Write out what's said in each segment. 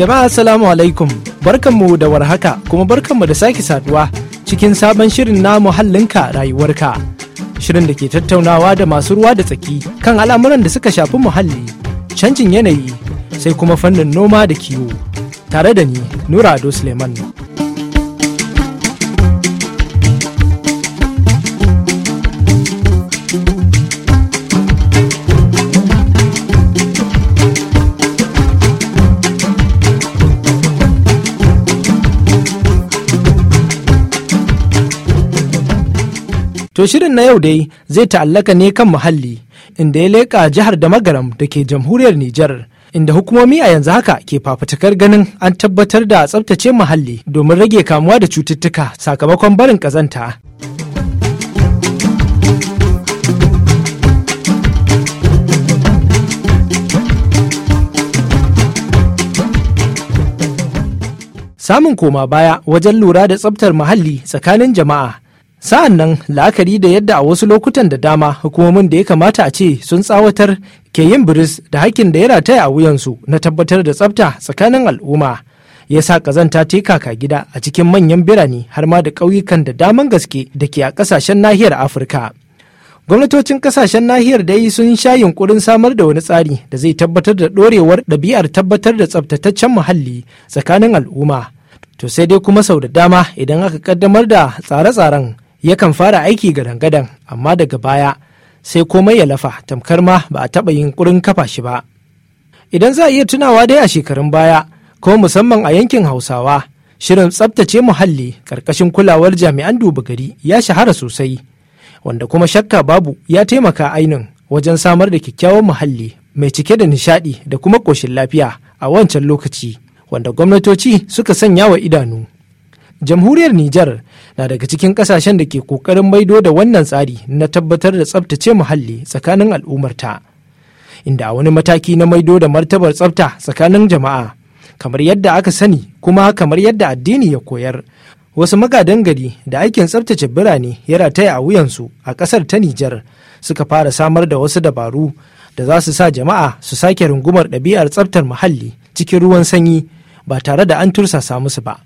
Jama'a salamu alaikum barkanmu da warhaka kuma barkanmu da sake saduwa cikin sabon shirin na muhallin muhallinka rayuwarka. Shirin da ke tattaunawa da masu ruwa da tsaki kan al'amuran da suka shafi muhalli, canjin yanayi sai kuma fannin noma da kiwo. Tare da ni Nura Ado Suleiman. To shirin na yau dai zai ta'allaka ne kan muhalli inda ya leƙa jihar da magaram da ke jamhuriyar Nijar. Inda hukumomi a yanzu haka ke fafutukar ganin an tabbatar da tsabtace muhalli domin rage kamuwa da cututtuka sakamakon barin ƙazanta. Samun koma baya wajen lura da tsabtar muhalli tsakanin jama'a sa'an nan la'akari da yadda a wasu lokutan da dama hukumomin da ya kamata a ce sun tsawatar ke yin biris da hakkin da ya rataya a wuyansu na tabbatar da tsabta tsakanin al'umma ya sa kazanta ta kaka gida a cikin manyan birane har ma da ƙauyukan da daman gaske da ke a ƙasashen nahiyar afirka gwamnatocin ƙasashen nahiyar dai sun sha yunkurin samar da wani tsari da zai tabbatar da ɗorewar ɗabi'ar tabbatar da tsabtataccen muhalli tsakanin al'umma to sai dai kuma sau da dama idan aka kaddamar da tsare-tsaren yakan fara aiki gadan-gadan amma daga baya sai komai ya lafa tamkar ma ba a taɓa ƙurin kafa shi ba idan za a iya tunawa dai a shekarun baya ko musamman a yankin hausawa shirin tsabtace muhalli ƙarƙashin kulawar jami'an duba gari ya shahara sosai wanda kuma shakka babu ya taimaka ainin wajen samar da kyakkyawan muhalli mai cike da nishadi da kuma ƙoshin lafiya a wancan lokaci wanda gwamnatoci suka sanya wa idanu jamhuriyar Nijar na daga cikin kasashen da ke kokarin maido da wannan tsari na tabbatar da tsabtace muhalli tsakanin al'ummarta inda a wani mataki na maido da martabar tsabta tsakanin jama'a kamar yadda aka sani kuma kamar yadda addini ya koyar wasu magadan gari da aikin tsabtace birane ya rataya a wuyansu a kasar ta Nijar suka fara samar da wasu dabaru da za su sa jama'a su sake rungumar ɗabi'ar tsabtar muhalli cikin ruwan sanyi ba tare da an tursasa musu ba.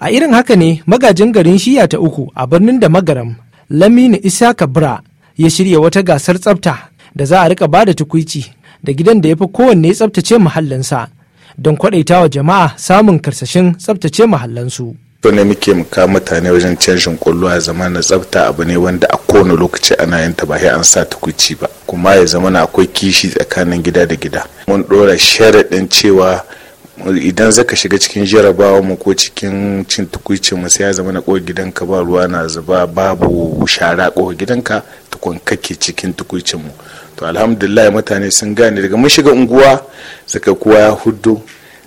a irin haka ne magajin garin shiya ta uku a birnin da magaram lamini isa kabra ya shirya wata gasar tsafta da za a rika bada tukuici da gidan da ya fi kowanne tsaftace muhallinsa don wa jama'a samun karsashin tsaftace mahallansu. to ne muke muka mutane wajen canjin kwallo ya zama na tsabta abu ne wanda a kowane lokaci ana yin ba sai an sa tukuici ba kuma ya zama na akwai kishi tsakanin gida da gida mun ɗora sharaɗin cewa idan zaka shiga cikin jarabawa mu ko cikin cin tukuicin mu sai ya zama na kowa gidanka ba ruwa na zuba babu shara kowa gidanka tukun kake cikin tukuicin mu to alhamdulillah mutane sun gane daga mun shiga unguwa zaka kowa ya huddo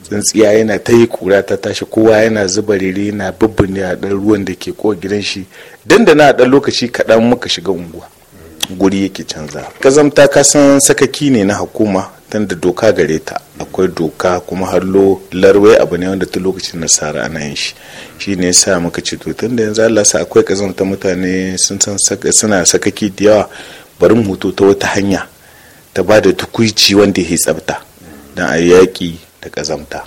tsintsiya yana ta yi kura ta tashi kowa yana zuba rere yana bubbune a dan ruwan da ke kowa gidan shi dan na a dan lokaci kaɗan muka shiga unguwa guri yake canza kazamta kasan sakaki ne na hukuma tun da doka gare ta akwai doka kuma hallo larwai abu ne wanda ta lokacin nasara ana yin shi shi ne sa muka ce to tun da yanzu Allah sa akwai kazanta mutane sun san suna sakaki da yawa bari mu hoto ta wata hanya ta ba da tukuici wanda ya tsabta don a yaƙi da kazamta.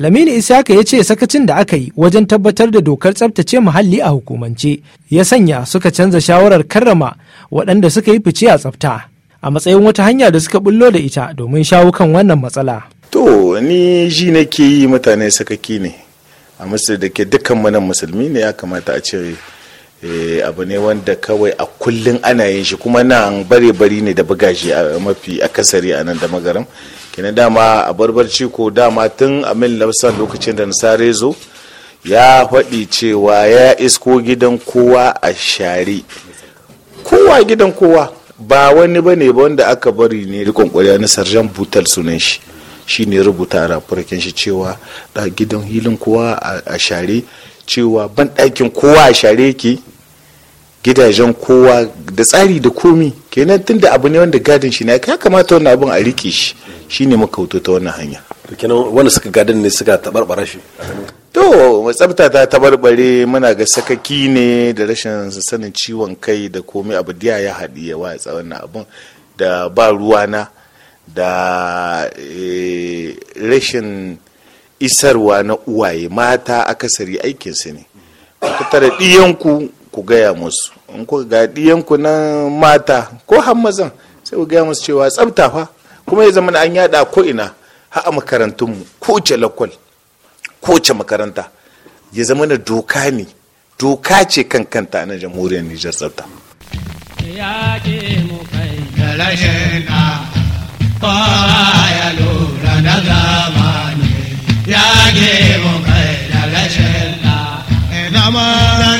Lamini Isaka ya ce sakacin da aka yi wajen tabbatar da dokar tsabtace muhalli a hukumance ya sanya suka canza shawarar karrama waɗanda suka yi fice a tsabta. a matsayin wata hanya da suka bullo da ita domin shawo kan wannan matsala. To ni ji nake yi mutane sakaki ne a matsayin da ke dukkan manan musulmi ne ya kamata a ce eh, abu ne wanda kawai a kullum ana yin shi kuma nan bare bari ne da bugaji a mafi akasari a nan da magaram kenan dama a barbarci ko dama tun a mil lokacin da nasare zo ya faɗi cewa ya isko gidan kowa a share kowa gidan kowa ba wani bane ba wanda aka bari ne rikon kwarya na sarjan butal sunan shi shi ne rubuta a rafurakin shi cewa da gidan hilin kowa a share cewa ban ɗakin kowa a share yake gidajen kowa da tsari da komi kenan tunda abu ne wanda gadin shi na ya kamata wannan abin a rike shi shi ne makauta ta wannan hanya to kenan wanda suka gadan ne suka tabarbara shi to tsafta ta tabarbare muna ga sakaki ne da rashin sanin ciwon kai da komai abu da ya haɗi ya watsa wannan abun da ba ruwana da eh, rashin isarwa na uwaye mata akasari aikinsu ne ku tara ɗiyanku ku gaya musu in ku ga ɗiyanku na mata ko hammazan sai ku gaya musu cewa tsafta fa kuma ya zama an yada ko ina ha a makarantunmu ko ce lakwal ko ce makaranta ya zama na doka ne doka ce kankanta na jamhuriyar nijar tsafta ya ce mu kai da rashin ya lura da zamani ya mu kai da rashin zama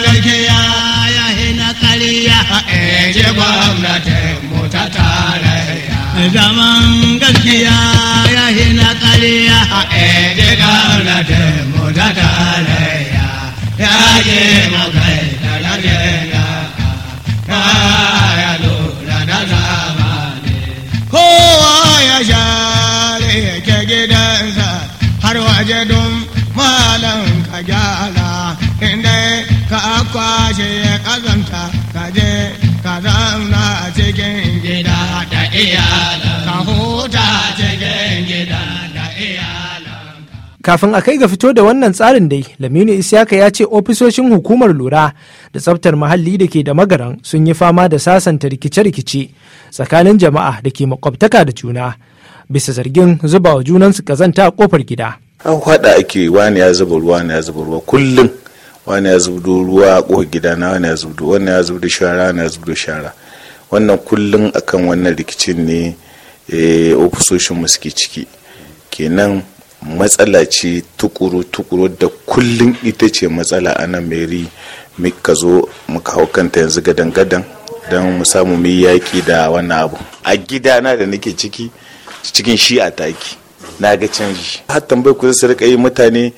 da ya hina kariya a eje gwamnatin mu ta tarayya zaman gaskiya ya hina kaliya, ƙarya eh, a ɗaya de eh, mo da tarayya ya je ma kafin a kai ga fito da wannan tsarin dai lamini isyaka ya ce ofisoshin hukumar lura da tsabtar muhalli da ke da magaran sun yi fama da sasanta rikice-rikice tsakanin jama'a da ke makwabtaka da juna bisa zargin zuba wa junansu kazanta a kofar gida an hada ake wani ya zuba ruwa wani ya zuba ruwa kullum wani ya zuba ruwa a kofar gida na wani ya zuba wani ya zuba shara wani ya zuba shara wannan kullum akan wannan rikicin ne eh, ofisoshin mu suke ciki kenan matsala ce tukuru-tukuru da kullum ita ce matsala ana meri muka zo muka hau kanta yanzu gadan-gadan don mu samu mu yaƙi da wani abu a gidana da nake ciki cikin shi a taki na ga canji har tambayi ku su rika yi mutane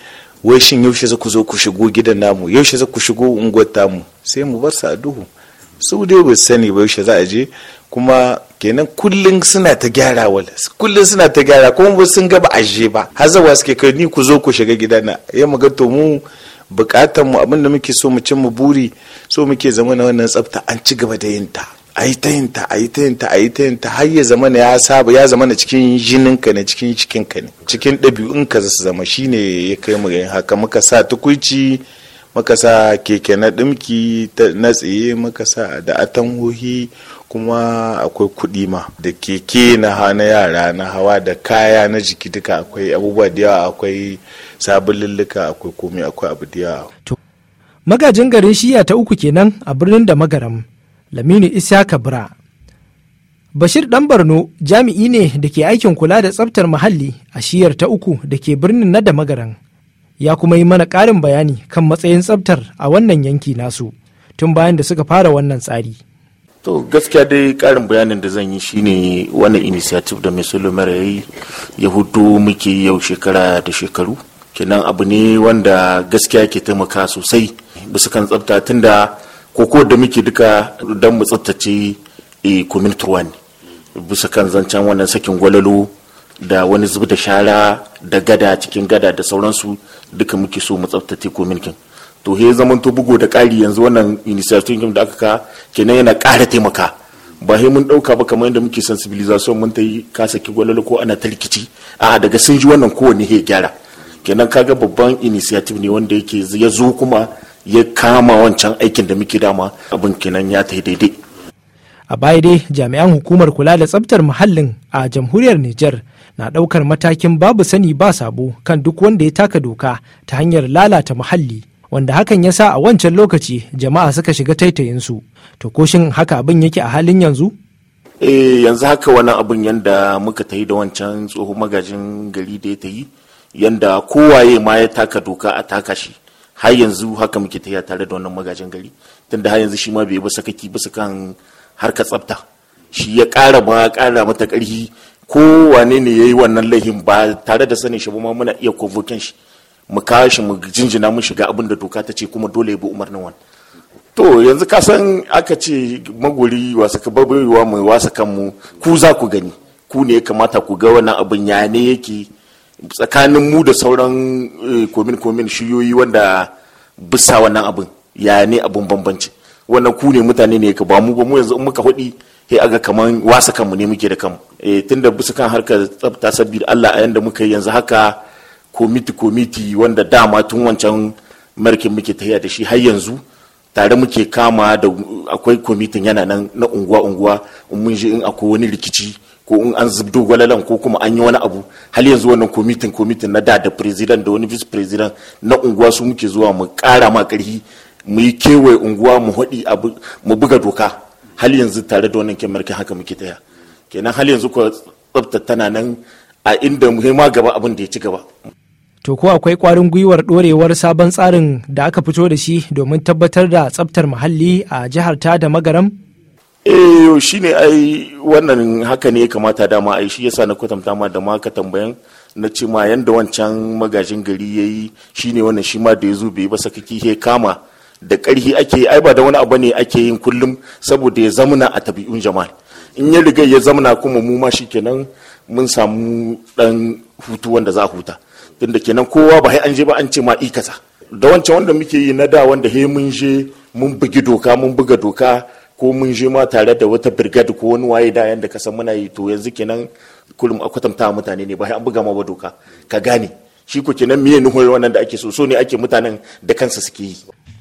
wai shin yaushe za ku zo ku shigo gidan namu yaushe za ku shigo unguwar mu sai mu bar sa a duhu su dai ba su sani ba yaushe za a je kuma kenan kullum suna ta gyara wala kullum suna ta gyara kuma ba sun gaba ba ba har wasu suke kai ni ku zo ku shiga gida na ya mu ga to mu bukatan mu abin da muke so mu cin mu buri so muke zama na wannan tsafta an ci gaba da yin ta a yi ta yin ta a yi ta yin ta a ta yin ta har ya zama ya saba ya zama na cikin jinin ka ne cikin cikin ka ne cikin ɗabi'un ka zasu zama shine ya kai mu haka muka sa tukuici Makasa, keke na ɗimki na tsaye makasa sa da atanhohi kuma akwai kuɗi ma da keke na hana yara na hawa da kaya na jiki duka akwai abubuwa da yawa akwai sabululluka akwai komai akwai abu da yawa magajin garin shiya ta uku kenan a birnin da magaram lamini isa kabra bashir dan barno jami'i ne da ke aikin kula da tsaftar muhalli a shiyar ta uku da ke birnin na da magaran ya kuma yi mana ƙarin bayani kan matsayin tsaftar a wannan yanki nasu tun bayan da suka fara wannan tsari. to gaskiya dai ƙarin bayanin da zan yi shine wannan initiative da mai solomara ya yi ya hudu muke yau shekara da shekaru kenan abu ne wanda gaskiya ke taimaka sosai bisa kan tun tunda koko da muke duka don mu tsaftace eh, community one bisa kan zancen wannan sakin gwalalo da wani zubi da shara da gada cikin gada da sauransu duka muke so mu tsaftace kominkin to he zaman to bugo da ƙari yanzu wannan initiative da aka ka kenan yana ƙara taimaka ba he mun ɗauka ba kamar yadda muke sensibilization mun ta yi kasa gwalala ko ana ta rikici a daga sun ji wannan kowane he gyara kenan kaga babban initiative ne wanda yake ya zo kuma ya kama wancan aikin da muke dama abin kenan ya ta daidai a baya dai jami'an hukumar kula da tsabtar muhallin a jamhuriyar nijar na ɗaukar matakin babu sani ba sabo kan duk wanda ya taka doka ta hanyar lalata muhalli wanda hakan ya sa a wancan lokaci jama'a suka shiga taitayin su to ko shin haka abin yake a halin yanzu eh yanzu haka wani abun yanda muka tayi da wancan tsohon magajin gari da ya ta yi yanda kowaye ma ya taka doka a taka shi har yanzu haka muke ta tare da wannan magajin gari tunda har yanzu shi ma bai bi sakaki bisa kan har ka tsafta shi ya kara ma ƙara mata ƙarfi kowane ne ya yi wannan laihin ba tare da sanin shi ba muna iya kovokin shi mu kawo shi mu jinjina mu shiga abin da doka ta ce kuma dole ya bi umarnin wani to yanzu ka san aka ce maguri wasu ka mai wasa kanmu ku za ku gani ku ne ya kamata ku ga wannan abin ya ne yake tsakanin mu da sauran eh, komin komin shiyoyi wanda bisa wannan abin ya ne abin bambanci wannan ku ne mutane ne ka ba mu ba mu yanzu in muka hudi sai aga kaman wasa kanmu ne muke da kanmu eh tunda bisa kan harkar tsafta sabbin Allah a yanda muka yanzu haka komiti komiti wanda dama tun wancan markin muke tafiya da shi har yanzu tare muke kama da akwai komitin yana nan na unguwa unguwa in mun ji in akwai wani rikici ko in an zubdo gwalalan ko kuma an yi wani abu har yanzu wannan komitin komitin na da da president da wani vice president na unguwa su muke zuwa mu kara ma karhi mu yi kewaye unguwa mu haɗi mu buga doka hal yanzu tare da wannan kyamarkin haka muke taya kenan hal yanzu ko tsabta tana nan a inda muhimma gaba abin da ya ci gaba to ko akwai kwarin gwiwar dorewar sabon tsarin da aka fito da shi domin tabbatar da tsabtar muhalli a jihar ta da magaram eh shi ne ai wannan haka ne ya kamata dama ai shi yasa na kwatanta ma da ma ka tambayan na ce ma yanda wancan magajin gari yayi shine wannan shi ma da ya zo bai ba sakaki he kama da ƙarfi ake ai ba da wani abu ne ake yin kullum saboda ya zamana a tabi'un jama'a in ya riga ya zamana kuma mu ma kenan mun samu dan hutu wanda za a huta tunda kenan kowa ba an je ba an ce ma ikata da wancan wanda muke yi na da wanda he mun je mun bugi doka mun buga doka ko mun je ma tare da wata brigade ko wani waye da yanda kasan muna yi to yanzu kenan kullum a kwatanta mutane ne ba an buga ma ba doka ka gane shi ko kenan miye nuhun wannan da ake so so ne ake mutanen da kansa suke yi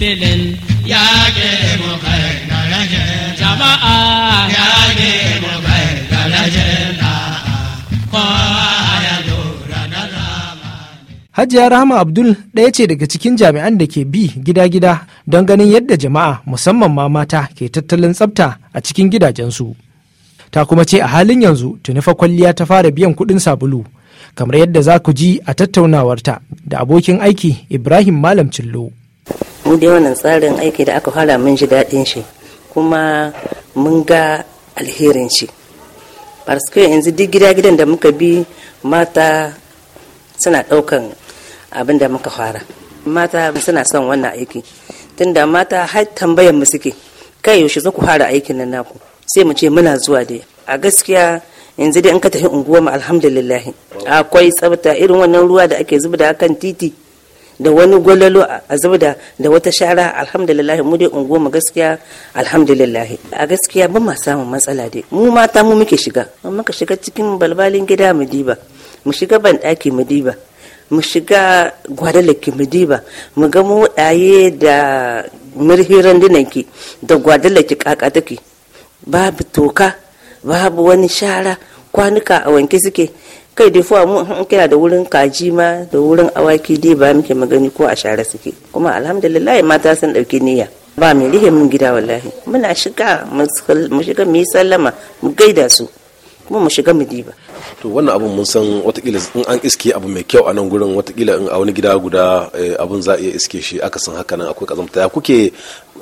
ya Hajiya Rahama Abdul ɗaya ce daga cikin jami'an da ke bi gida-gida don ganin yadda jama'a musamman ma mata ke tattalin tsafta a cikin gidajensu. Ta kuma ce a halin yanzu tuni fa kwalliya ta fara biyan kuɗin sabulu kamar yadda za ku ji a tattaunawarta da abokin aiki Ibrahim Malam Cillo. mu dai wannan tsarin aiki da aka fara mun ji daɗin shi kuma mun ga alherin shi barsuka yanzu duk gida gidan da muka bi mata suna ɗaukan abin da muka fara mata suna son wannan aiki tunda mata har tambayar mu suke kai yaushe za ku fara aikin nan naku sai mu ce muna zuwa dai a gaskiya yanzu dai in ka tafi unguwa mu alhamdulillah akwai tsabta irin wannan ruwa da ake zuba da kan titi da wani gwalalo a zubda da wata shara alhamdulillah mu dai unguwa gaskiya alhamdulillah a gaskiya ba ma samun matsala dai mu mata mu muke shiga mun muka shiga cikin balbalin gida mu diba mu shiga ban daki mu diba mu shiga gwadalaki mu diba mu ga mu daye da murhiran dinanki da gwadalaki kaka babu toka babu wani shara kwanuka a wanke suke kai da fuwa mu in da wurin kaji ma da wurin awaki dai ba muke magani ko a share suke kuma alhamdulillah mata sun dauki niyya ba mai rihe mun gida wallahi muna shiga mu shiga mu yi sallama mu gaida su kuma mu shiga mu diba to wannan abun mun san watakila in an iske abu mai kyau a nan gurin watakila in a wani gida guda eh, abun za a iya iske shi aka san haka nan akwai kazamta ya kuke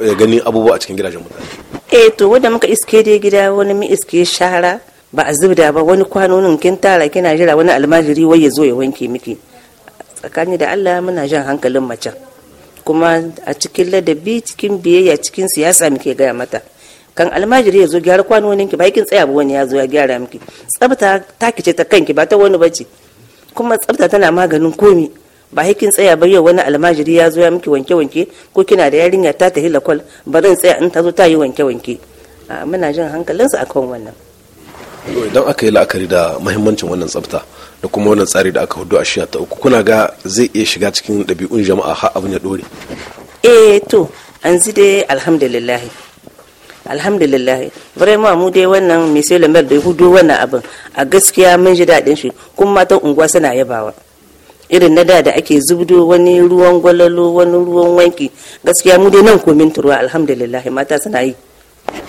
eh, ganin abubuwa a cikin gidajen mutane eh to wanda muka iske dai gida wani mu iske shahara ba a zubda ba wani kwanonin kin tara kina jira wani almajiri wai ya zo ya wanke miki tsakani da Allah muna jan hankalin mace kuma a cikin ladabi cikin biyayya cikin siyasa muke gaya mata kan almajiri ya zo gyara kwanonin ki ba kin tsaya ba wani ya zo ya gyara miki tsafta ta kice ta kanki ba ta wani bace kuma tsafta tana maganin komi ba kin tsaya ba yau wani almajiri ya zo ya miki wanke wanke ko kina da yarinya ta tahi kwal ba zan tsaya in ta zo ta yi wanke wanke muna jan hankalinsu akan wannan idan aka yi la'akari da mahimmancin wannan tsafta da kuma wannan tsari da aka hudu a shiya ta uku kuna ga zai iya shiga cikin ɗabi'un jama'a har abin ya ɗore eh to an zi dai alhamdulillahi alhamdulillahi vraiment mu dai wannan monsieur le maire da hudu wannan abin a gaskiya mun ji daɗin shi kuma matan unguwa suna yabawa irin na da da ake zubdo wani ruwan gwalalo wani ruwan wanki gaskiya mu dai nan komin turwa alhamdulillah mata suna yi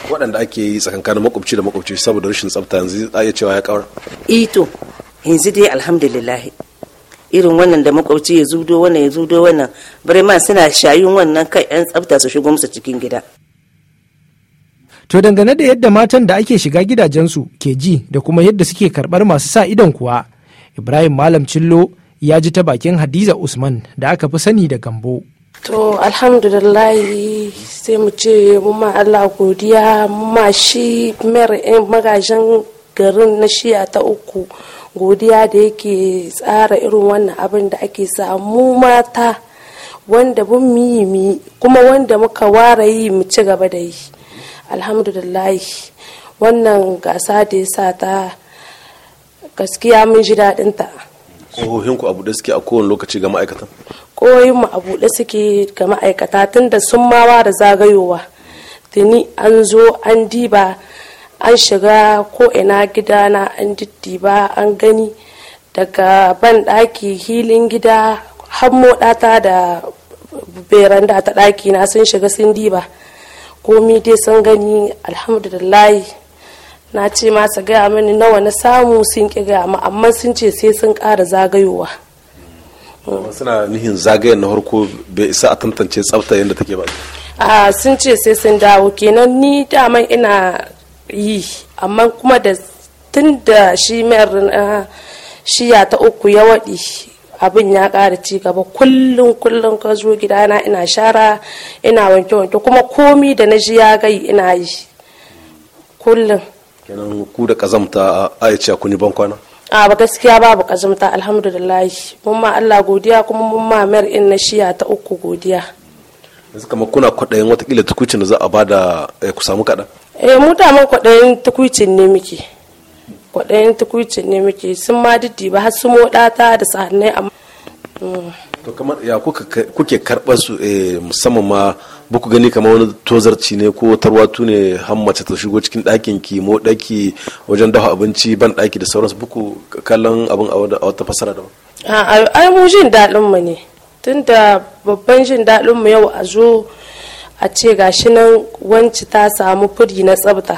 waɗanda ake yi tsakankanin makwabci da makwabci saboda rashin tsafta yanzu a iya cewa ya kawar ito eh yanzu dai alhamdulillah irin wannan da makwabci ya zudo wannan ya zudo wannan bari ma suna shayun wannan kai yan tsafta su shigo musu cikin gida to dangane da yadda matan da ake shiga gidajensu ke ji da kuma yadda suke karɓar masu sa idon kuwa ibrahim malam cillo ya ji ta bakin hadiza usman da aka fi sani da gambo to alhamdulillahi sai mu ce ma allah godiya ma shi eh, magajin garin na shiya ta uku godiya da yake tsara irin wannan abin da ake samu mata wanda mun yi mi kuma wanda muka ware yi mu ci gaba da yi alhamdulillahi wannan gasa da ya sa ta gaskiya mun ji daɗinta ku abu da suke a kowane lokaci ga ma'aikatan koyin mu a buɗe suke ga ma'aikata tun da sun mawa da zagayowa tuni an zo an diba an shiga ko ina gidana an diddiba an gani daga ban ɗaki hilin gida har moɗata da beranda ta ɗaki na sun shiga sun diba komi dai sun gani alhamdulillahi na ce masa gaya mini nawa na samu sun ƙi gaya amma sun ce sai sun ƙara zagayowa suna nihin zagayen na harko bai isa a tantance tsafta yadda take ba a sun ce sai sun dawo kenan ni daman ina yi amma kuma da tun da shi mayar shiya ta uku ya waɗi abin ya ƙara ci gaba kullum kullum ka zo gida na ina shara ina wanke wanke kuma komi da na ji ya gai ina yi kullum kenan ku da kazamta a aice ku ni ban kwana a ba gaskiya babu kazumta alhamdulillahi mun ma Allah godiya kuma mun ma mer in na shiya ta uku godiya yanzu kamar kuna kwaɗayin watakila tukucin da za a bada eh, ku samu kaɗan eh mu da mun kwaɗayin tukucin ne muke kwaɗayin tukucin ne muke sun ma diddi ba har su ta da sahannai amma mm. to kamar ya kuke karɓar su eh, musamman ma buku gani kamar wani tozarci ne ko tarwatu ne hammace ta shigo cikin ɗakin ki mo ɗaki wajen dafa abinci ban ɗaki da sauransu buku kallon abin a wata fasara daban a mu jin daɗin mu ne tunda babban jin daɗin mu yau a zo a ce gashi nan wanci ta samu fudi na tsabta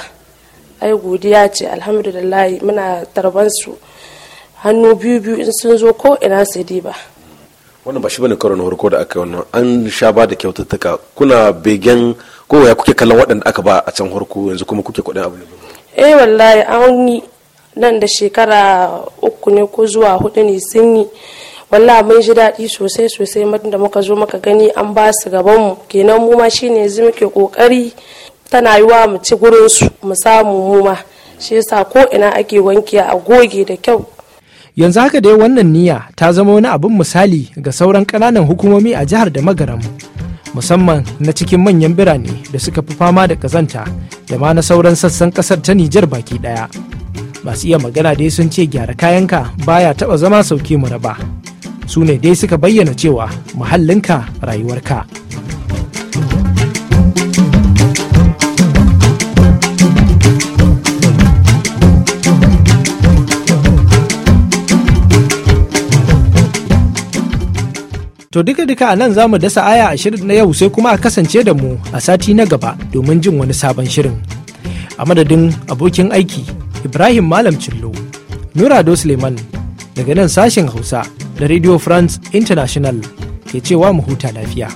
ai godiya ce alhamdulillah muna tarban su hannu biyu biyu in sun zo ko ina su ba. wannan ba shi bane karo na da aka yi wannan an sha ba da kyaututtuka kuna begen ko kuke kallon waɗanda aka ba a can farko yanzu kuma kuke kuɗin abu ne eh wallahi an yi nan da shekara uku ne ko zuwa hudu ne sun yi wallahi mun ji daɗi sosai sosai da muka zo muka gani an ba su gaban mu kenan mu ma shine yanzu muke kokari tana yiwa mu ci gurin su mu samu mu ma shi yasa ko ina ake wanki a goge da kyau yanzu haka dai wannan niyya ta zama wani abin misali ga sauran ƙananan hukumomi a jihar da magaram musamman na cikin manyan birane da suka fi fama da ƙazanta da ma na sauran sassan ƙasar ta nijar baki ɗaya masu iya magana dai sun ce gyara kayanka baya taɓa zama sauke mu raba su ne dai suka bayyana cewa muhallinka rayuwarka To duka duka a nan za mu dasa aya a shirin na yau sai kuma a kasance da mu a sati na gaba domin jin wani sabon shirin. A madadin abokin aiki Ibrahim Malam Cillo, Nurado Suleiman daga nan sashen Hausa da Radio France International ke cewa mu huta lafiya.